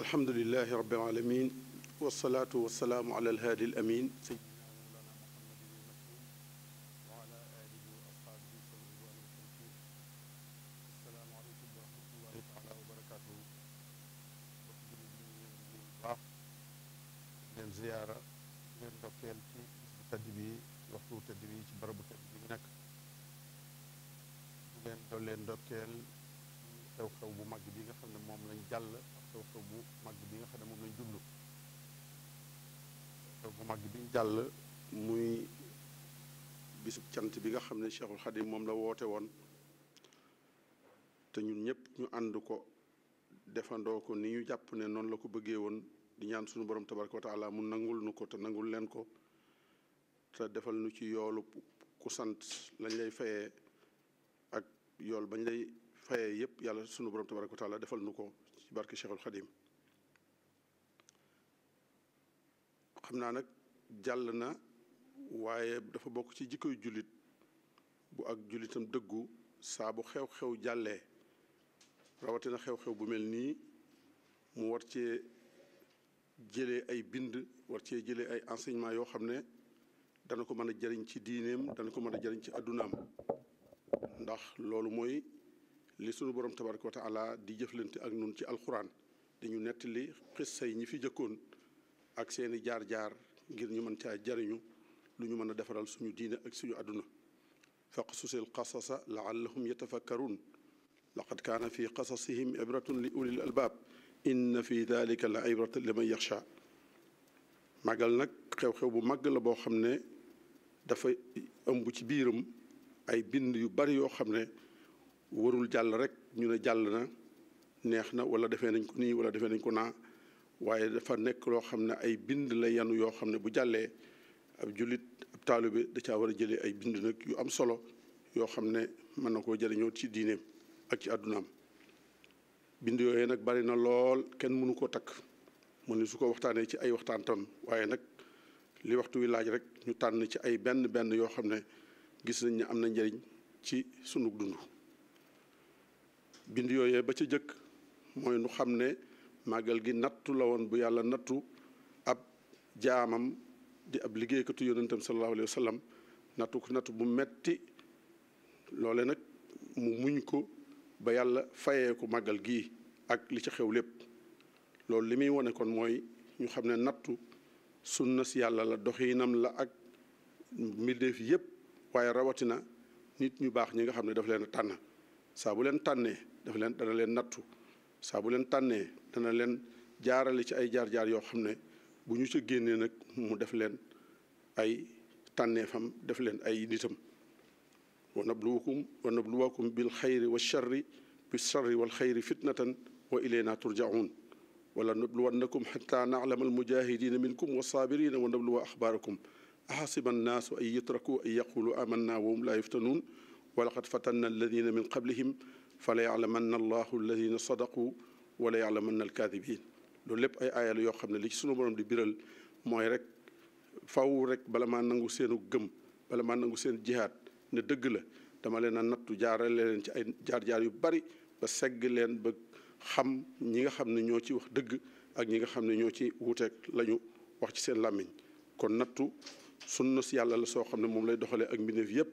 alhamdulilahi rabbil alamin wasalaatu wasalaamu ala alhaadi al amin ziyaara leen ndokkeel ci tëdd bi waxtu tëdd bi ci barabu tëdd bi nag leen dool leen ndokkeel xew-xew bu mag bi nga xam ne moom lañ jàll xew-xew bu mag bi nga xam ne moom lañ jublu jàll muy bisub cant bi nga xam ne Cheikhul Khadim moom la woote woon te ñun ñëpp ñu ànd ko defandoo ko ni ñu jàpp ne noonu la ko bëggee woon di ñaan suñu borom tabaraka wa taala mu nangul nu ko te nangul leen ko te defal nu ci yoolu ku sant lañ lay fayee ak yool bañ lay fayee yëpp yàlla sunu borom tabaraka wa taala defal nu ko ci barke Cheikhul Khadim xam naa nag jàll na waaye dafa bokk ci jikkoy jullit bu ak jullitam dëggu saabu bu xew-xew jàllee rawatina xew-xew bu mel nii mu war cee jële ay bind war cee jële ay enseignement yoo xam ne dana ko mën a jariñ ci diineem dana ko mën a jariñ ci addunaam ndax loolu mooy li sunu borom tabaraka wa di jëflante ak nun ci alxuraan dañu nettali xissa yi ñi fi jëkkoon ak seeni jaar-jaar ngir ñu mën caa jariñu lu ñu mën a defaral suñu diine ak suñu àdduna faqsusil qasasa laallahum yatafakkarun laqad kaana fi qasasihim ibratun li ulil albaab inna fi dalika la ibratan liman yaxsha màggal nag xew-xew bu màgg la boo xam ne dafa ëmb ci biirum ay bind yu bari yoo xam ne warul jàll rek ñu ne jàll na neex na wala defee nañ ko nii wala defee nañ ko naa waaye dafa nekk loo xam ne ay bind la yanu yoo xam ne bu jàllee ab jullit ab taalibe da caa war a jëlee ay bind nag yu am solo yoo xam ne mën na koo jëriñoo ci diineem ak ci àddunaam bind yooye nag bari na lool kenn mënu ko takk mën ne su ko waxtaanee ci ay waxtaan tam waaye nag li waxtu wi laaj rek ñu tànn ci ay benn benn yoo xam ne gis nañ ne am na njëriñ ci sunu dund bind yooyee ba ca jëkk mooy nu xam ne màggal gi nattu la woon bu yàlla nattu ab jaamam di ab liggéeykatu yonentam sallallahu alayhi wa sallam nattu ko nattu bu metti loole nag mu muñ ko ba yàlla fayee ko màggal gii ak li ci xew lépp loolu li muy wone kon mooy ñu xam ne nattu sunna si yàlla la doxinam la ak mbindeef yépp waaye rawatina nit ñu baax ñi nga xam ne daf leen a tànn saa bu leen tànnee daf leen dana leen nattu saa bu leen tànnee dana leen jaarale ci ay jaar-jaar yoo xam ne bu ñu ci génnee nag mu def leen ay tànnee tànneefam def leen ay nitam wa nabluwakum wa nabluwakum bil xayri wa charri bi charri wal xayri fitnatan wa ilayna turjaun wala nabluwannakum xata naclama almujahidina minkum wa saabirina wa nabluwa axbaarakum axasiba annaasu an yutraku an yaqulu amanna wa hum laa yuftanuun walaqad fatanna alladina min qablihim fala yalamanna allahu alladina sadaqu wala yalamanna alkaadibin loolu lépp ay aaya la yoo xam ne li ci sunu borom di biral mooy rek faw rek bala maa nangu seenu gëm bala maa nangu seen jihaad ne dëgg la dama leen a nattu jaarale leen ci ay jaar-jaar yu bari ba segg leen ba xam ñi nga xam ne ñoo ci wax dëgg ak ñi nga xam ne ñoo ci wuuteeg la ñu wax ci seen làmmiñ kon nattu sunna si yàlla la soo xam ne moom lay doxalee ak mbindeef yépp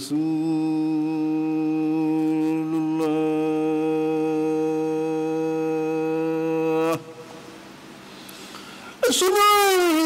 رسول الله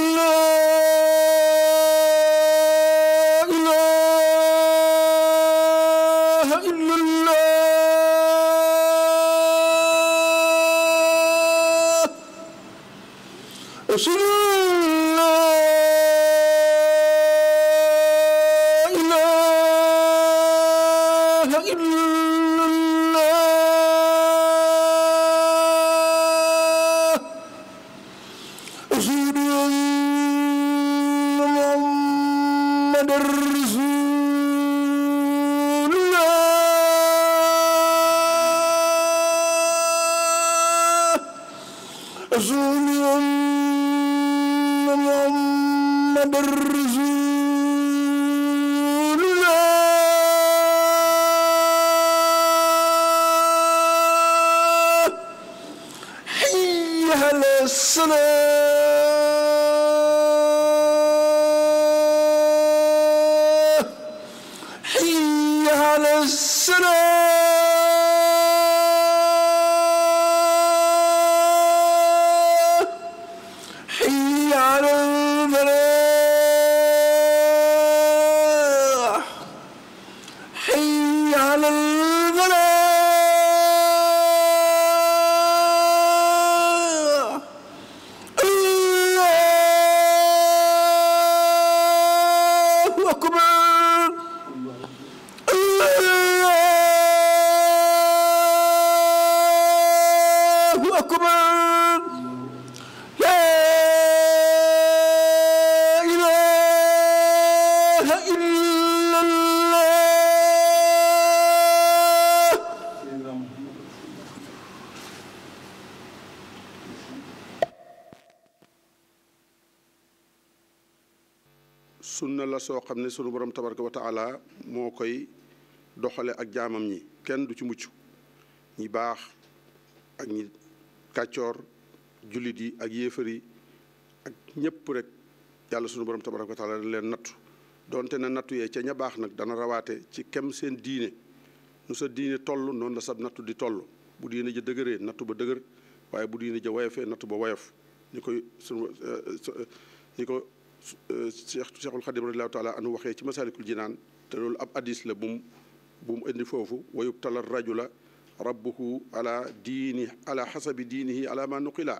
soo xam ne sunu borom tabaraka wa taala moo koy doxale ak jaamam ñi kenn du ci mucc ñi baax ak ñi kàccoor jullit yi ak yéefar yi ak ñépp rek yàlla sunu borom tabaraka wa taala leen nattu donte na nattu yee ca ña baax nag dana rawaate ci kem seen diine nu sa diine toll noonu la sab nattu di toll bu diine ja dëgëree nattu ba dëgër waaye bu diine ja woyofee nattu ba woyof ni koy sunu eh, eh, ni ko Cheikh Cheikhul Khadim radiyallahu taala anu waxee ci masaalikul jinaan te loolu ab hadis la bu mu bu mu indi foofu wa yubtala rajula rabbuhu ala diini ala xasabi diinihi ala ma nuqila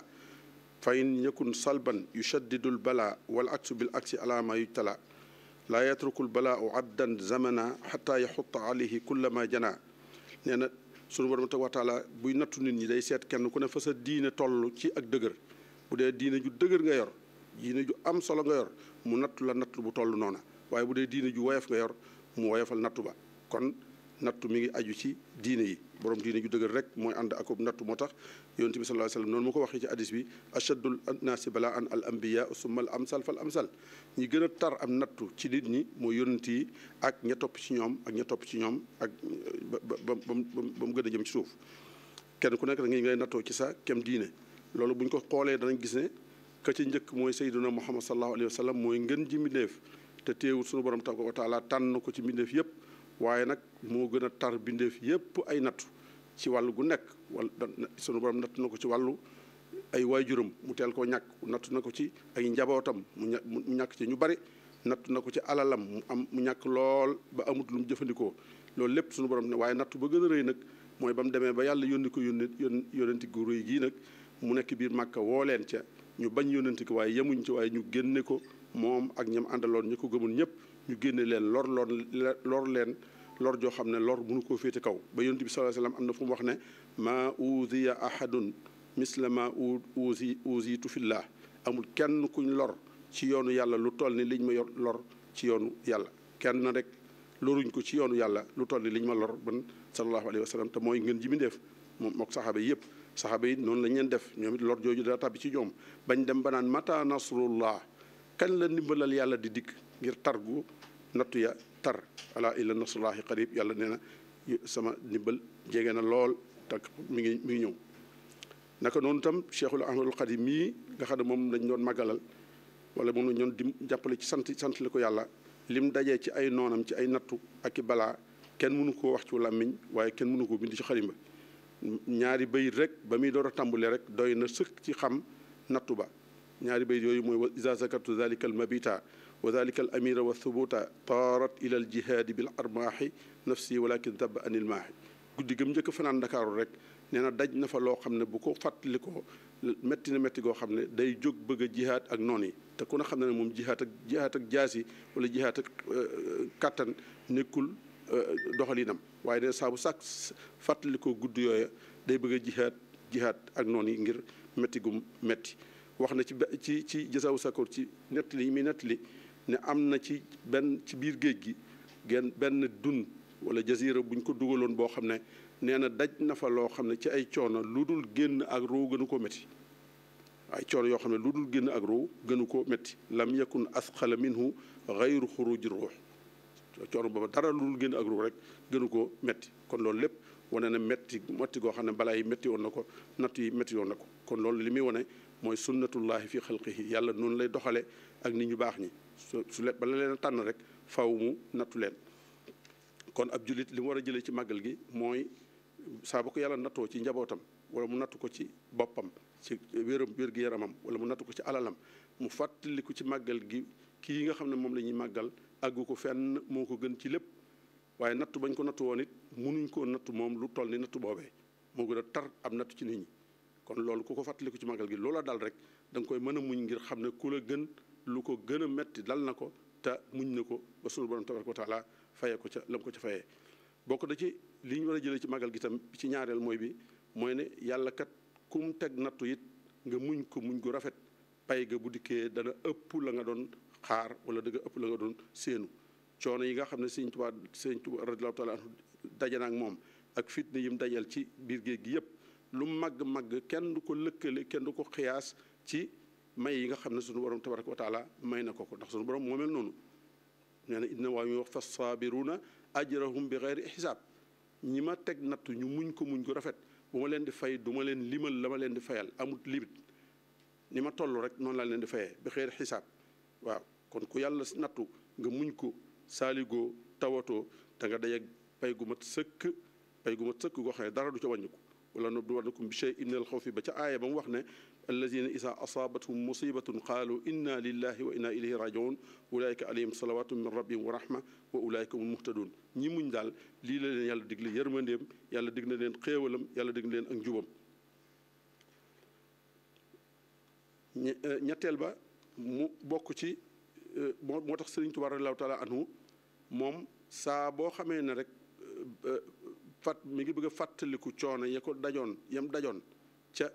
fa in yakun salban yushaddidul bala wal aksu bil aksi ala ma yujtala laa yatrukul balaau abdan zamana xata yaxutta alayhi kulla ma jana nee na sunu borom tabaraka wa taala buy nattu nit ñi day seet kenn ku ne fa sa diine toll ci ak dëgër bu dee diine ju dëgër nga yor diine ju am solo nga yor mu nattu la nattu bu toll noona waaye bu dee diine ju woyof nga yor mu woyefal nattu ba kon nattu mi ngi aju ci diine yi borom diine ju dëgër rek mooy ànd ak akub nattu moo tax yonent bi sallallahu alayhi wasallam noonu mu ko waxee ci hadis bi achaddul naasi balaa an al ambiya summa am salfal am sal ñi gën a tar am nattu ci nit ñi mooy yonent yi ak ña topp ci ñoom ak ña topp ci ñoom ak ba ba ba mu gën a jëm ci suuf kenn ku nekk da ngay nattoo ci sa kem diine loolu bu ñu ko xoolee danañ gis ne ka ci njëkk mooy sayyiduna muhammad sallallahu alayhi wa mooy ngën ji mbindeef te teewul sunu borom tabaraka wa taala tànn ko ci mbindeef yëpp waaye nag moo gën a tar mbindeef yëpp ay nattu ci wàllu gu nekk wala sunu borom natt na ko ci wàllu ay waajuram mu teel koo ñàkk nattu na ko ci ay njabootam mu ñàkk ci ñu bari nattu na ko ci alalam mu am mu ñàkk lool ba amut lu mu jëfandikoo loolu lépp sunu borom ne waaye nattu ba gën a rëy nag mooy ba mu demee ba yàlla yónni ko yónni yónenti gu gii nag mu nekk biir màkka woo leen ca ñu bañ yónnante ko waaye yemuñ ci waaye ñu génne ko moom ak ñoom àndaloon ñu ko gëmul ñëpp ñu génne leen lor lor lor leen lor joo xam ne lor mënu koo féete kaw ba yonent bi sallallahu alayhi am na fu mu ne maa uuziya ahadun misla ma uuzi uuzitu fillah amul kenn kuñ lor ci yoonu yàlla lu toll ni liñ ma yor lor ci yoonu yàlla kenn rek loruñ ko ci yoonu yàlla lu toll ni liñ ma lor ban sallallahu alayhi wasallam te mooy ngeen ji mi def moom mook saxaaba yëpp saxaaba yi noonu lañ leen def ñoom it lor jooju dara tàbbi ci ñoom bañ dem banaan naan mata nasrullah kañ la ndimbalal yàlla di dikk ngir tar gu nattu ya tar ala illa nasrullahi qarib yàlla nee na sama ndimbal jege na lool tak mu ngi mi ngi ñëw naka noonu itam cheikhul ahmadul xadim mii nga xam ne moom lañ doon màggalal wala moom lañ doon dim jàppale ci sant sant li ko yàlla lim dajee ci ay noonam ci ay nattu ak i balaa kenn mënu koo wax ci làmmiñ waaye kenn mënu koo bind ci xalimba ñaari bayit rek ba muy door a tàmbule rek doy na sëkk ci xam nattu ba ñaari bayit yooyu mooy wa iza zakartu zalika al mabita wa zalika al amira wa thubuta taarat ila al jihaadi bil nafsi walakin tab anil maahi guddi gëm njëkk fanaan ndakaaru rek nee na daj na fa loo xam ne bu ko fàttali ko métti na métti goo xam ne day jóg bëgg a jihaat ak noon yi te ku ne xam ne ne moom jihaat ak jihaat ak jaasi wala jihaat ak euh, kàttan nekkul Euh, doxalinam waaye ne saabu sàkk fàttali guddi gudd yooya day bëgg a jihaat jihaat ak noonu yi ngir métti gu métti wax na ci ci ci jasaawu sakoor ci nettali yi muy nettali ne am na ci benn ci biir géej gi genn benn dun wala jasiira buñ ko dugaloon boo xam ne nee na daj nafa loo xam ne ci ay coono lu dul génn ak roo gënu ko metti ay coono yoo xam ne lu dul génn ak roo gënu koo métti lam yakun asqala minhu gayru xuruji ruux coono booba dara lu génn ak ruur rek gënu ko metti kon loolu lépp wane na metti metti goo xam ne balaa yi metti woon na ko natt yi metti woon na ko kon loolu li muy wane mooy sunnatullahi fi xalqihi yàlla noonu lay doxale ak nit ñu baax ñi su le bala leen a tànn rek faw mu nattu leen kon ab jullit li mu war a jëlee ci màggal gi mooy saa ko yàlla nattoo ci njabootam wala mu nattu ko ci boppam ci wéram wér gi yaramam wala mu nattu ko ci alalam mu fàttaliku ci màggal gi kii yi nga xam ne moom la màggal àggu ko fenn moo ko gën ci lépp waaye nattu bañ ko nattu woon it munuñ koo nattu moom lu toll ni nattu boobee moo gën a tar ab nattu ci nit ñi kon loolu ku ko fàttaliku ci magal gi loola dal rek da nga koy mën a muñ ngir xam ne ku la gën lu ko gën a metti dal na ko te muñ na ko ba sunu borom tabaraka wa taala fayee ko ca lam ko ca fayee bokk da ci li ñu war a jëlee ci magal gi tam ci ñaareel mooy bi mooy ne yàlla kat kum teg nattu it nga muñ ko muñ gu rafet pay ga bu dikkee dana ëpp la nga doon xaar wala dëgg ëpp la nga doon séenu coono yi nga xam ne sëñ Tuubaa sëñ Tuubaa radiyallaahu taala anhu ak moom ak fitna yim dajal ci biir géej gi yëpp lu màgg-màgg kenn du ko lëkkale kenn du ko xiyaas ci may yi nga xam ne sunu borom tabaraka wa may na ko ko ndax suñu borom moo mel noonu nee na inna waa ñu wax fa saabiruna ajrahum bi xeyri xisaab ñi ma teg nattu ñu muñ ko muñ ko rafet bu ma leen di fay du ma leen limal la ma leen di fayal amut limite ni ma toll rek noonu laa leen di fayee bi xeyri xisaab waaw kon ku yàlla nattu nga muñ ko saaligoo tawatoo da nga dajeeg pay gu mat sëkk pay gu mat sëkk goo xam ne dara du ca wàññiku wala nabluwannakum bi shay'in min al fi ba ca aaya ba mu wax ne allazina isa a musibatun qaalu inna lillahi wa inna ilayhi rajiun ulaika alayhim salawatun min rabbihim wa rahma wa ulaika hum muhtadun ñi muñ daal lii la leen yàlla digle yërmandeem yàlla dig na leen xéewalam yàlla dig leen ak njubam ñetteel ba mu bokk ci Euh, moo moo tax Sëriñ Tuubaa radiyallaahu taala anhu moom saa boo xamee ne rek euh, euh, fat mu ngi bëgg a fàttaliku coono ya ko dajoon yam dajoon ca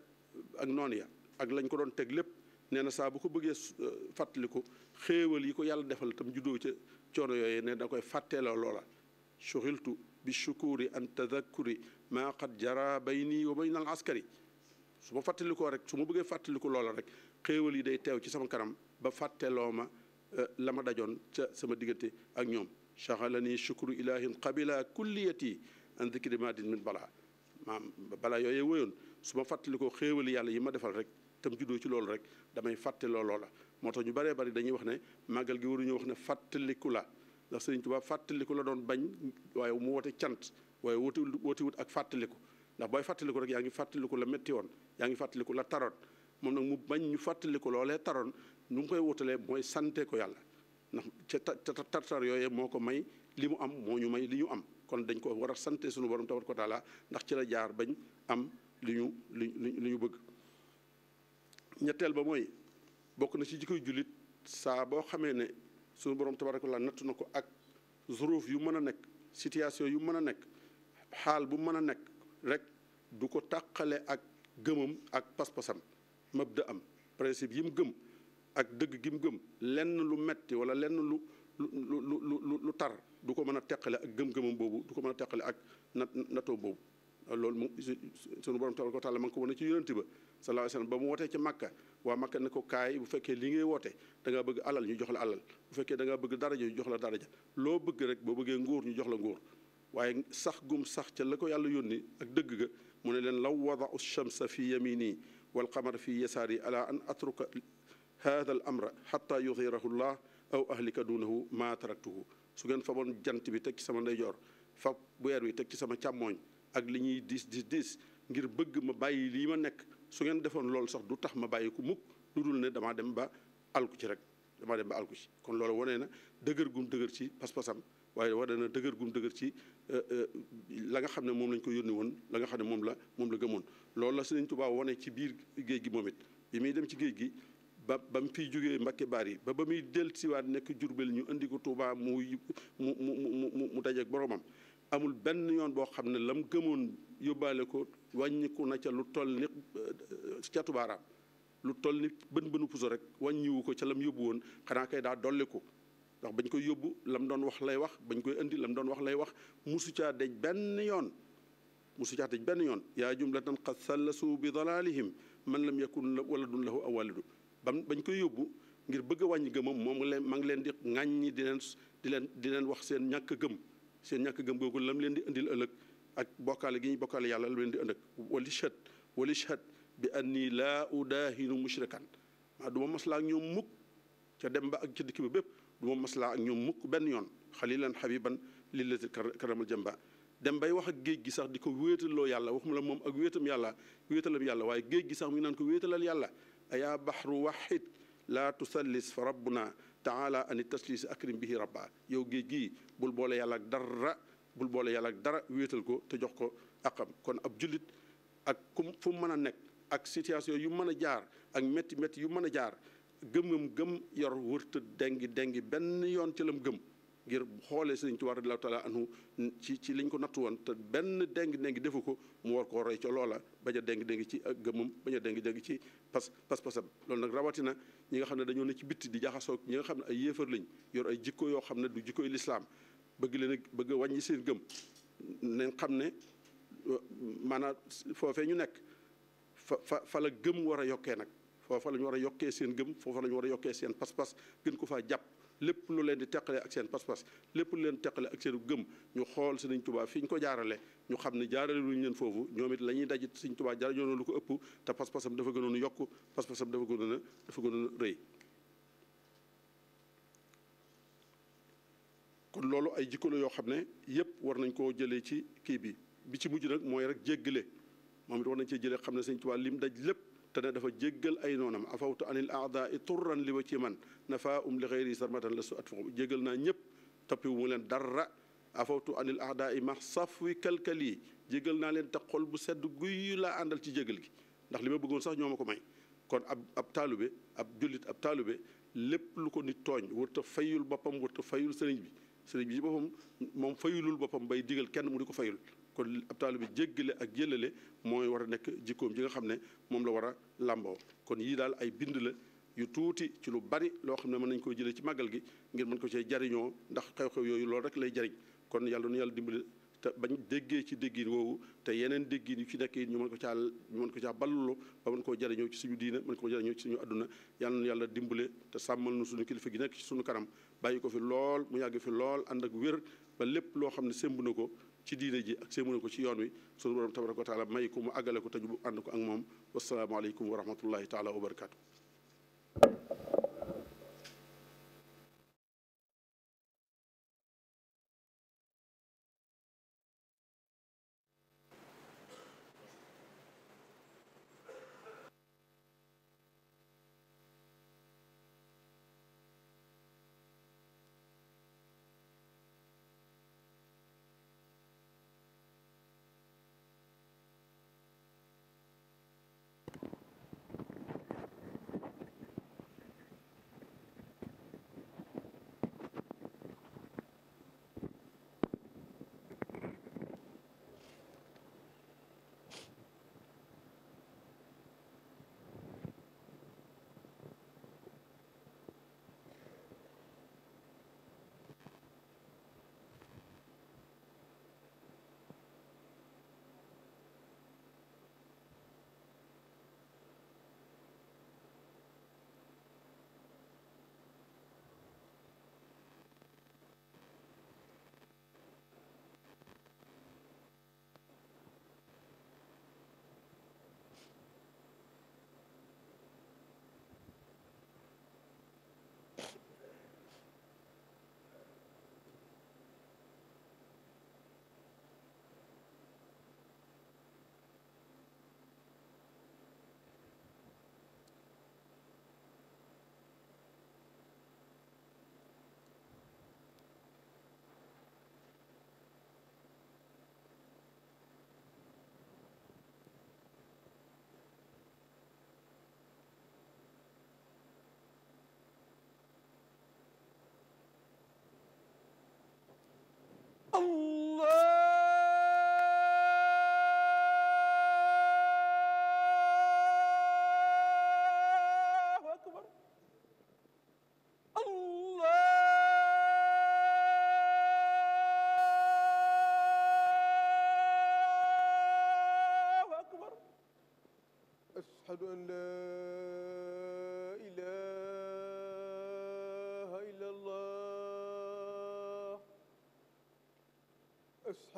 ak noon ya ak lañ ko doon teg lépp nee na saa bu ko bëggee fàttaliku xéewal yi ko yàlla defal tam juddoo ca coono yooy ne da koy fàtteeloo loola shughiltu bi shukuri an tadhakkuri maa qad bay nii wa bayna al askari su ma fàttalikoo rek su ma bëggee fàttaliku loola rek xéewal yi day teew ci sama kanam ba fàtteloo Euh, la ma dajoon ca sama diggante ak ñoom chahalani shukru ilahin qabila kulliyati an dikri madin min balaa maam balaa yooyee woyoon su ma fàttali ko xéewali yàlla yi ma defal rek tam juddoo ci loolu rek damay fàtte looloo la moo tax ñu bëree bëri dañuy wax ne màggal gi ñu wax ne fàttaliku la ndax Sëriñ Tuubaa fàttaliku la doon bañ waaye mu woote cant waaye woote woote wut ak fàttaliku ndax booy fàttaliku rek yaa ngi fàttaliku la métti woon yaa ngi fàttaliku la taroon moom nag bañ ñu fàttaliku loolee taroon nu mu koy wutalee mooy sante ko yàlla ndax ca tartar yooyee moo ko may li mu am moo ñu may li ñu am kon dañ ko war a sante suñu borom tabaraka wa taala ndax ci la jaar bañ am li ñu li li ñu bëgg ñetteel ba mooy bokk na ci jikkoy jullit saa boo xamee ne suñu borom tabaraka wa taala nattu na ko ak zuruuf yu mën a nekk situation yu mën a nekk xaal bu mën a nekk rek du ko tàqale ak gëmam ak pas-pasam mabda am principe yi mu gëm ak dëgg gi gëm lenn lu metti wala lenn lu lu lu lu tar du ko mën a teqale ak gëm-gëmam boobu du ko mën a teqale ak nat natoo boobu loolu mu sunu borom tabaraka wa taala ma ngi ko wane ci yonent ba sallallahu alayhi wasallam ba mu wootee ci makka waa makka ne ko kaay bu fekkee li ngay woote da ngaa bëgg alal ñu jox la alal bu fekkee da bëgg daraja ñu jox la daraja loo bëgg rek boo bëggee nguur ñu jox la nguur waaye sax gum sax ca la ko yàlla yónni ak dëgg ga mu ne leen law wadau shamsa fi yamini wal qamara fi yasaari ala an atruka haada al amra xata yudhirahu llah aw ahlika duunahu ma taraktuhu su ngeen faboon jant bi teg ci sama ndeyjoor fab weer bi teg ci sama càmmooñ ak li ñuy diis diis diis ngir bëgg ma bàyyi lii ma nekk su ngeen defoon loolu sax du tax ma bàyyi ko mukk lu dul ne damaa dem ba alku ci rek dama dem ba alku ci kon loolu wanee na dëgër gum dëgër ci pas-pasam waaye wanee na dëgër gum dëgër ci euh, euh, la nga xam ne moom lañ ko yónni woon la nga xam ne moom la moom la gëmoon loolu la si Sëriñ Tuubaa wane ci biir géej gi moom it bi muy dem ci géej gi ba ba mu fiy jógee Mbacke Bari ba ba muy del siwaat nekk Jurbel ñu indi ko Touba mu mu mu mu mu dajeeg boromam amul benn yoon boo xam ne la mu gëmoon yóbbaale ko wàññiku na ca lu toll ni euh, catu baaraam lu toll ni bën bënu puso rek wàññiwu ko ca la yóbbu woon xanaa kay daa dolli ko ndax bañ koy yóbbu lam doon wax lay wax bañ koy indi la doon wax lay wax musu caa dej benn yoon musu caa dej benn yoon yaa jumlatan qad sallasu bi dalalihim man lam yakun waladun lahu aw walidu bam bañ koy yóbbu ngir bëgg wàññi gëmam moom leen ma ngi leen di ŋàññi di leen di leen leen wax seen ñàkk gëm seen ñàkk gëm googu lam leen di indil ëllëg ak bokkaale gi ñu bokkaale yàlla lam leen di ëllëg wali chat wali chat bi anni laa udaahinu mushrikan maa du ma maslaa ak ñoom mukk ca dem ba ak ca dikk bi bépp du maslaa ak ñoom mukk benn yoon yi xalilan xabiban lillati karamal jamba dem bay wax ak géej gi sax di ko wéetaloo yàlla waxuma la moom ak wéetam yàlla wéetalam yàlla waaye géej gi sax mu ngi ko wéetalal yàlla ayaa baxru waxid laa tusallis fa rabbuna taala ani taslis bi bihi rabba yow géej gi bul boole yàlla ak dara bul boole yàlla ak dara wéetal ko te jox ko aqam kon ab jullit ak kum fu mën a nekk ak situation yu mën a jaar ak métti métti yu mën a jaar gëm-gëm gëm yor wërta dengi dengi benn yoon ci lam gëm ngir xoolee sëriñ Tuubaa radiyallaahu taala anhu ci ci liñ ko nattu woon te benn déng-déng defu ko mu war koo roy ca loola bañ a déng-déng ci ak baña bañ a déng-déng ci pas pas pasam loolu nag rawatina ñi nga xam ne dañoo ne ci bitti di jaxasoog ñi nga xam ne ay yéefar lañ yor ay jikko yoo xam ne du jikkoy lislaam bëgg leen bëgg wàññi seen gëm nañ xam ne maanaam foofee ñu nekk fa fa fa la gëm war a yokkee nag foofa la ñu war a yokkee seen gëm foofa la ñu war a yokkee seen pas-pas gën ko faa jàpp lépp lu leen di teqale ak seen pas-pas lépp lu leen teqale ak seen gëm ñu xool Sëriñ Tuubaa fii ñu ko jaarale ñu xam ne jaarale luñu leen foofu ñoom it la ñuy dajit Sëriñ Tuubaa jarañoo lu ko ëpp te pas-pasam dafa gënoon yokk pas-pasam dafa gënoon a dafa gënoon a rëy kon loolu ay jikko yoo xam ne yëpp war nañ koo jëlee ci kii bi bi ci mujj nag mooy rek jéggale moom it war nañ cee jëlee xam ne Sëriñ Tuubaa lim daj lépp te ne dafa jéggal ay noonam afawtu anil aada i turran li wa ci man nafa um li xëyri sarmatan la su at fuxum jéggal naa ñëpp toppiwu mu leen dara afawtu anil aada i max saf wi kalkal yi jéggal naa leen tax xol bu sedd guy laa àndal ci jégal gi ndax li ma bëggoon sax ñoo ma ko may kon ab ab taalube ab jullit ab taalube lépp lu ko nit tooñ wërta fayul boppam wërta fayul sëriñ bi sëriñ bi boppam moom fayulul boppam bay digal kenn mu di ko fayul kon ab taalibe lee ak jëlale mooy war a nekk jikkoom ji nga xam ne moom la war a làmboo kon yii daal ay bind la yu tuuti ci lu bari loo xam ne mën nañ koo jëlee ci màggal gi ngir mën ko cee jariñoo ndax xew-xew yooyu loolu rek lay jariñ kon yàlla nu yàlla dimbali te bañ déggee ci déggin woowu te yeneen déggin yu ci nekk ñu mën ko caa ñu ko caa balluloo ba mën koo jariñoo ci suñu diina mën koo jariñoo ci suñu àdduna yàlla nu yàlla dimbale te sàmmal nu suñu kilifa gi nekk ci suñu kanam bàyyi ko fi lool mu yàgg fi lool ànd ak wér ba lépp loo xam ne sémb na ko ci diine ji ak séemuna ko ci yoon wi sunu borom tabaraka wa taala may ko mu àggale ko te ñu ànd ko ak moom wasalaamaaleykum wa rahmatullahi taala wa barakaatu.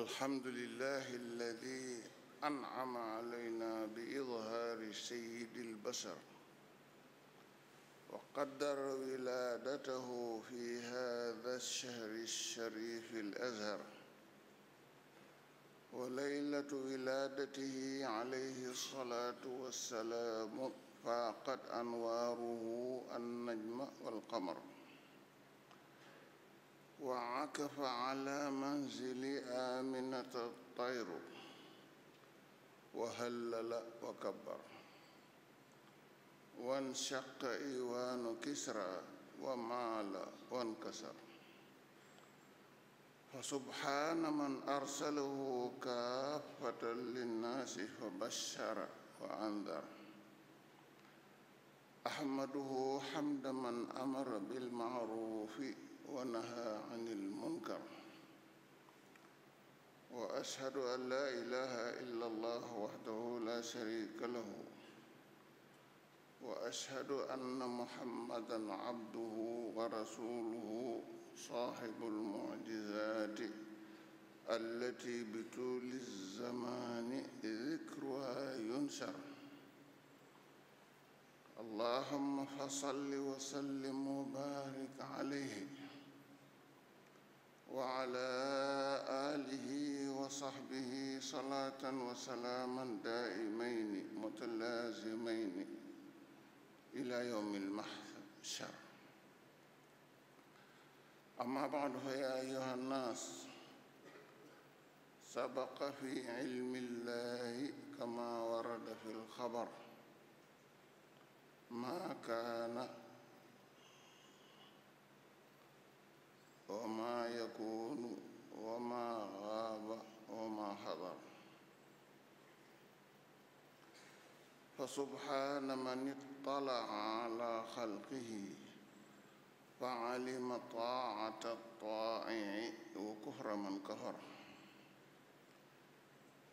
الحمد لله الذي أنعم علينا بإظهار سيد البشر وقدر ولادته في هذا الشهر الشريف الأزهر وليلة ولادته عليه الصلاة والسلام فاقت أنواره النجم والقمر وعكف على منزل آمنة الطير وهلل وكبر وانشق إيوان كسرى ومال وانكسر فسبحان من أرسله كافة للناس فبشر وأنذر أحمده حمد من أمر بالمعروف wa nahaa anil munkar wa ashhadu an laa ilaaha illa allah wahdahu laa shariika lahu wa ashhadu anna muhammadan abduhu wa rasuluhu saahibul mu'jizaati التي بطول الزمان ذكرها ينشر اللهم فصل وسلم وبارك عليه wa alaa aalihi wa sahbihi salaatan wa salaaman daa'imayni mutalaazimayni ilaa yawmil mahshar amma ba'du fa yaa ayyuhan naas sabaqa fi ilmillaahi kamaa warada fil xabar maa kaana وما يكون وما غاب وما حضر فسبحان من اطلع على خلقه فعلم طاعة الطائع وكفر من كفر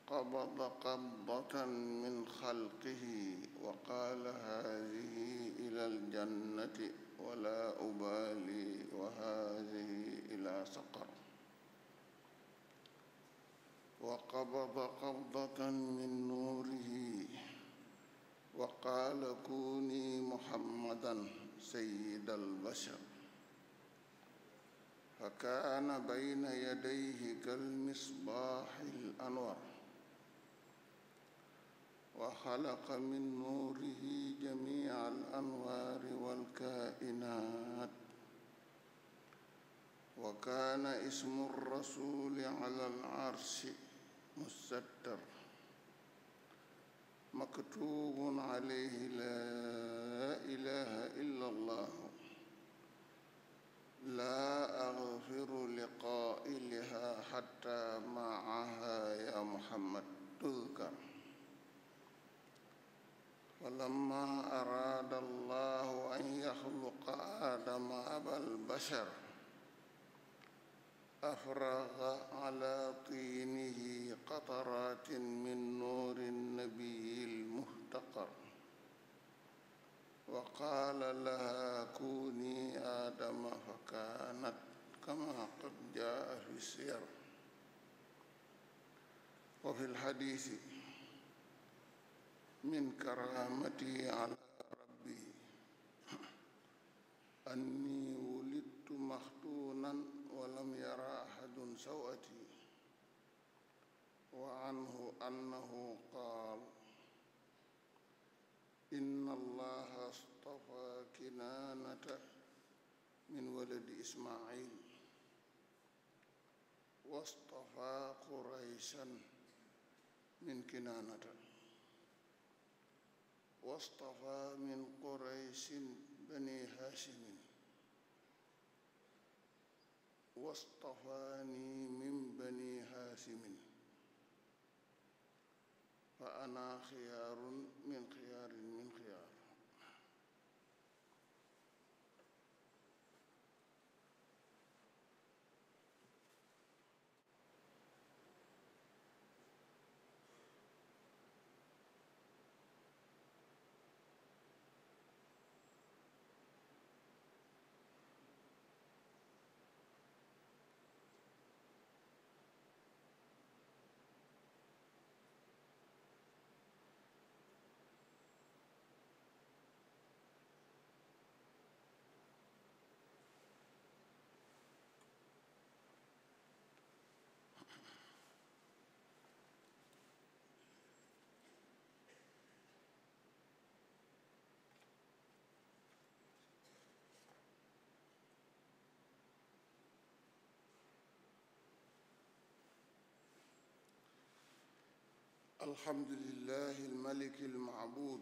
قبض قبضة من خلقه وقال هذه إلى الجنة wala ubali wa haadihi ila saqar wa qabada qabdatan min nuurihi wa qaala kuuni muhammadan sayyida albashar fa kaana bayna yadayhi kalmisbaaxi al anwar وخلق من نوره جميع الأنوار والكائنات وكان اسم الرسول على العرش مستتر مكتوب عليه لا إله إلا الله لا أغفر لقائلها حتى معها يا محمد تذكر فلما أراد الله أن يخلق آدم أبا البشر أفرغ على طينه قطرات من نور النبي المهتقر وقال لها كوني آدم فكانت كما قد جاء في السير وفي الحديث من كرامتي على ربي أني ولدت مختونا ولم يرى أحد سوأتي وعنه أنه قال إن الله اصطفى كنانة من ولد إسماعيل واصطفى قريشا من كنانة واصطفى من قريش بني هاشم واصطفاني من بني هاشم فأنا خيار من خيار الحمد لله الملك المعبود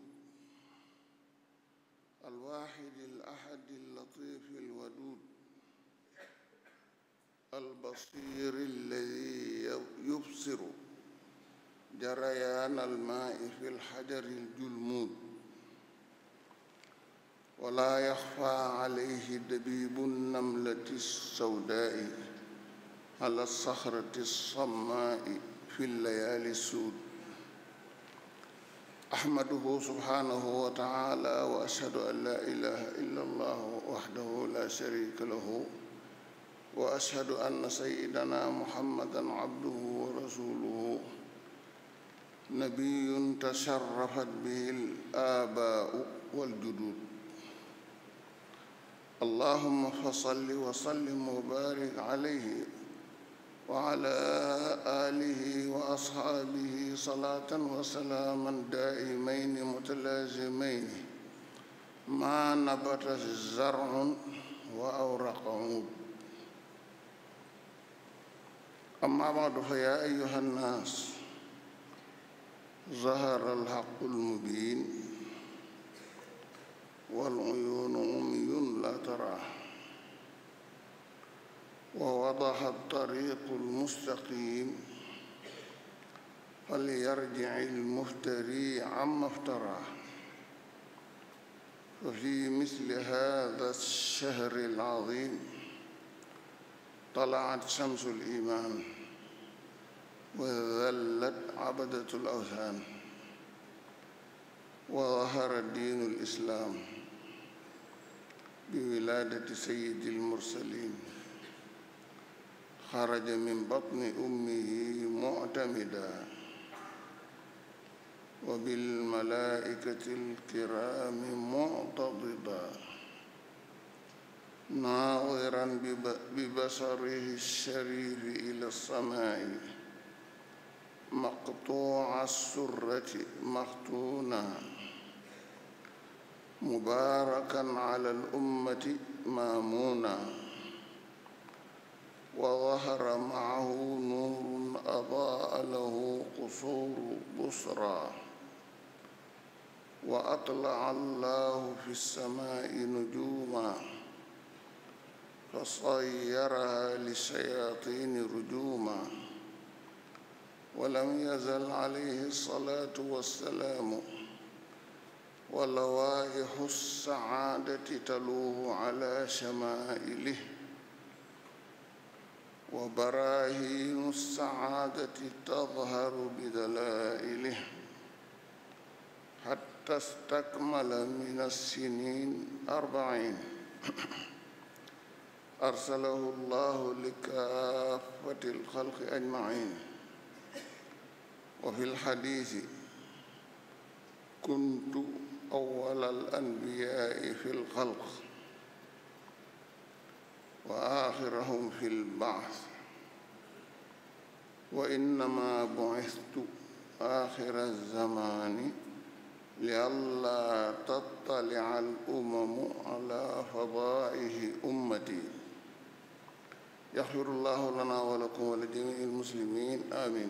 الواحد الأحد اللطيف الودود البصير الذي يبصر جريان الماء في الحجر الجلمود ولا يخفى عليه دبيب النملة السوداء على الصخرة الصماء في الليالي السود أحمده سبحانه وتعالى وأشهد أن لا إله إلا الله وحده لا شريك له وأشهد أن سيدنا محمدا عبده ورسوله نبي تشرفت به الآباء والجدود اللهم فصل وسلم وبارك عليه وعلى آله وأصحابه صلاة وسلاما دائمين متلازمين ما نبت زرع وأورقه أما بعد فيا أيها الناس ظهر الحق المبين والعيون عمي لا تراه ووضح الطريق المستقيم فليرجع المفتري عما افتراه وفي مثل هذا الشهر العظيم طلعت شمس الإيمان وذلت عبدة الأوثان وظهر دين الإسلام بولادة سيد المرسلين xaraja min batni ummihi mu'tamida wa bil malaa'ikati l-kiraami mu'tadida naadiran bi basarihi sh-shariif ila s-samaa'i maqtuu'a s-surrati maxtuunan mubaarakan ala l-ummati maamuunan وظهر معه نور أضاء له قصور بصرى وأطلع الله في السماء نجوما فصيرها للشياطين رجوما ولم يزل عليه الصلاة والسلام ولوائح السعادة تلوه على شمائله وبراهين السعادة تظهر بدلائله حتى استكمل من السنين أربعين أرسله الله لكافة الخلق أجمعين وفي الحديث كنت أول الأنبياء في الخلق وآخرهم في البعث وإنما بعثت آخر الزمان لئلا تطلع الأمم على فضائه أمتي يغفر الله لنا ولكم ولجميع المسلمين آمين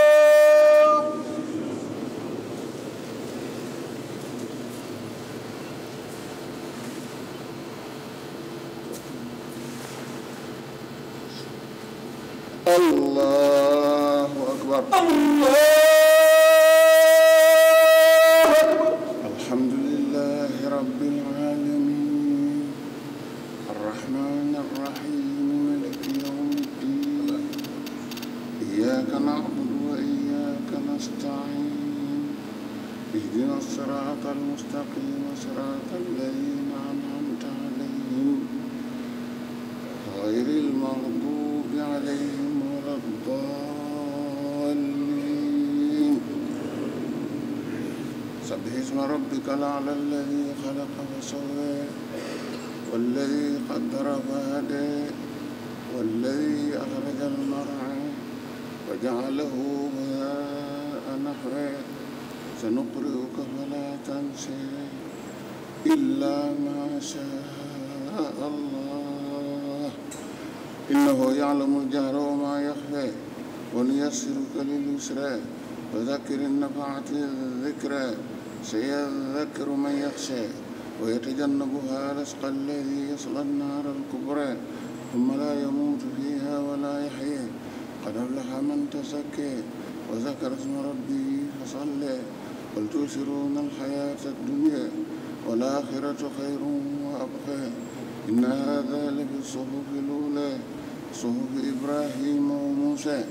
إنه يعلم الجهر وما يخفى وليسرك لليسرى فذكر النفعة الذكرى سيذكر من يخشى ويتجنبها الأشقى الذي يصلى النار الكبرى ثم لا يموت فيها ولا يحيى قد أفلح من تزكى وذكر اسم ربه فصلى بل تؤثرون الحياة الدنيا والآخرة خير وأبقى إن هذا لفي الصحف الأولى صحف إبراهيم وموسى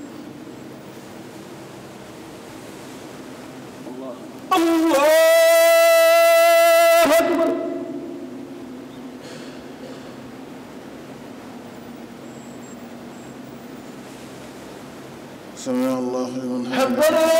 الله الله أكبر سمع الله لمن حمده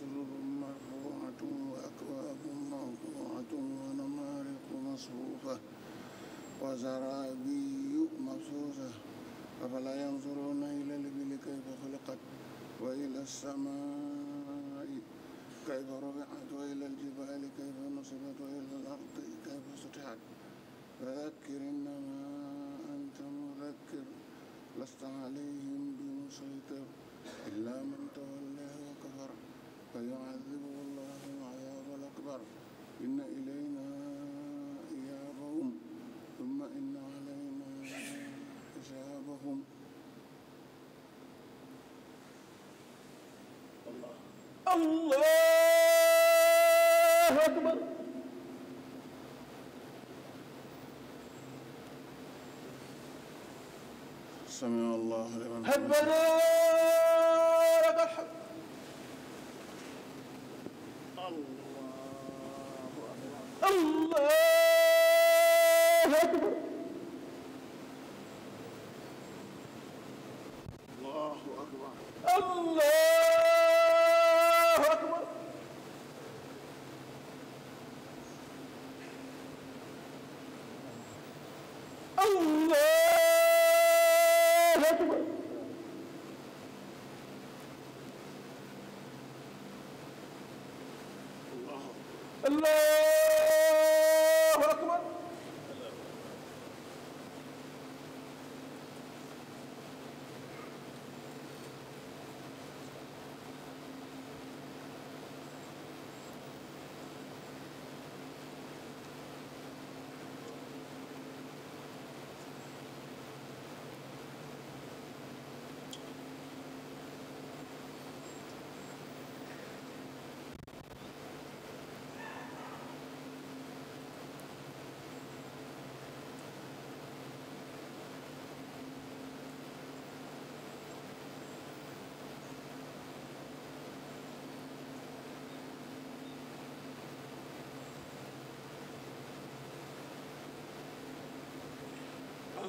سرر مرفوعة وأكواب موضوعة ونمارق مصفوفة وزرابي مبثوثة أفلا ينظرون إلى الإبل كيف خلقت وإلى السماء allahu akbar sami allahu liman rabbana lakal hamd Allah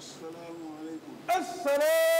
asalaamaaleykum.